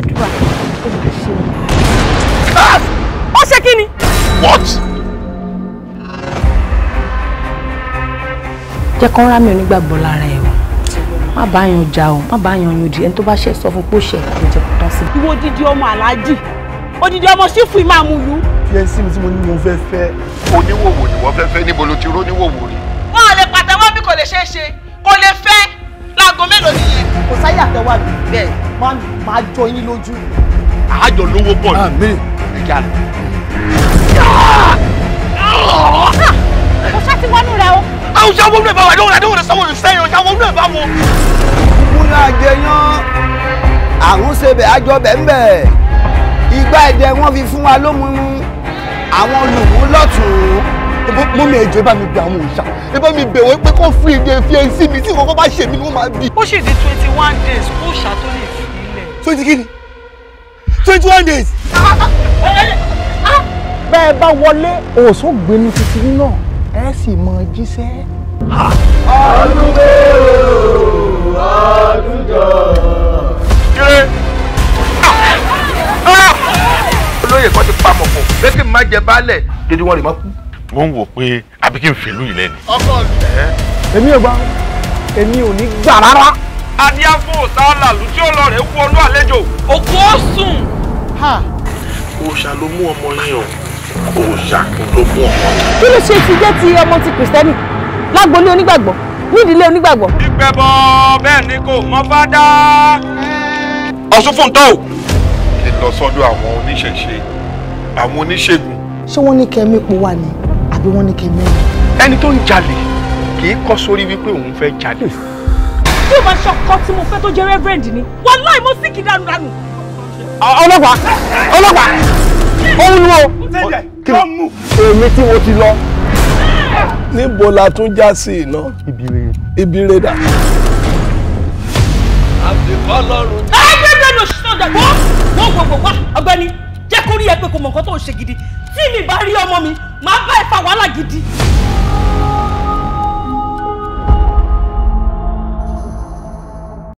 elédùà ó máa ṣe wọn. Ah! ó ṣe kí ni. what. jẹ́ kán rá mi onígbàgbọ́ lára ẹ̀ o má bá yan ọjà o má bá yan oyún di ẹni tó bá ṣe sọ fún pé ó ṣe ẹ̀ka ìjẹ́ kó tán sí. ìwọ odidi ọmọ aláàjì odidi ọmọ sífù ìmáàmù yú. fiẹ́nsì mi tí mo ní mo fẹ́ fẹ́. oníwòwò ni wọ́n fẹ́ fẹ́ níbo ló ti róníwòwò rí. wọn ò lè pàtẹ́wọ́ bí kò lè ṣeé ṣe kò lè fẹ́ láago mélòó nìyẹn kò sáyé àtẹwájú. bẹ́ẹ̀ mami máa jọ yín lójú. àjọ lówó bọ̀ ni. àmín. ìjà rẹ. mo ti wọnú rẹ o. àwọn ìṣàwọ̀ ọ̀nà ìbáwọ̀ àdéhùn àdéhùn rẹ sanwó ìṣẹ́yìn ìṣàwọ̀ ọ̀nà ìbáwọ̀. ìkúnlẹ̀ àjẹyàn àrùn àjọ bẹ́ẹ̀ ìgbà ẹ̀dẹ̀ wọn fi fún wa lómùú àwọn olùmú lọ́tùn-ún mọ́mí ẹ̀jọ̀ ẹ bá bẹ àwọn òòṣà ẹ bá mi pé kó fún ìdí ẹ̀fí ẹ̀ sí mi tí nǹkan bá ṣe mí ni wọ́n máa bí. ó ṣèdí twenty one days kó òòṣà tó lè fi ilẹ̀. twenty kí ni twenty one days. bẹ́ẹ̀ bá wọlé òòsùn gbénu tuntun náà ẹ sì mọ jíṣẹ́. ọdún mélòó ọdún olóyè kan ti pa mọ̀kàn lẹ́kìn má jẹ baálẹ̀ dédé wọn rè má kú ó ń wò pé àbí kí n fèlú yìí lẹ́nu. ọkọ rẹ. èmi ò gbà èmi ò ní gbà rárá. adiago sálà lùtí ọlọrẹ wú ọlú àlejò òkú ó sùn. òòṣà ló mú ọmọ yín o òòṣà ló mú ọmọ. kí ló ṣe ti jẹ́ ti ọmọ ti kìrìsìtẹ́nì lágbolé onígbàgbọ́ nídìílé onígbàgbọ́. ìgbẹ́bọ bẹ́ẹ̀ ni kò mọ fádá. ọ̀sùn fún un tó. kí n lọ sọ́dọ̀ àwọn oníṣẹ̀ṣe àwọn oníṣègùn. ṣé wọ́n ní kẹ́mí po wà ni àbí wọ́n ní kí n mẹ́rin. ẹni tó ń jalè kì í kọ́ sórí wípé òun fẹ́ jalè. tí o bá ṣọkọ tí mo fẹ́ tó jẹ́ reverend ni wàláì mo sì kì í dànù dànù. ọlọ́pàá ọlọ́pàá òun nu o. èmi tí mo ti lọ. níbo la tún já sí iná. ibi rẹ̀dà. àbíkọ́ lọ́rùn. ẹgbẹ́ bẹ́ẹ̀ ni òṣìṣẹ́ ọ̀dà wọ́n wọ́n wọ́n wá ọgbẹ́ni kó rí ẹ pé kò mọ̀ nǹkan tó ń ṣe gidi tí mi bá rí ọmọ mi máa bá ẹ fa wàhálà gidi.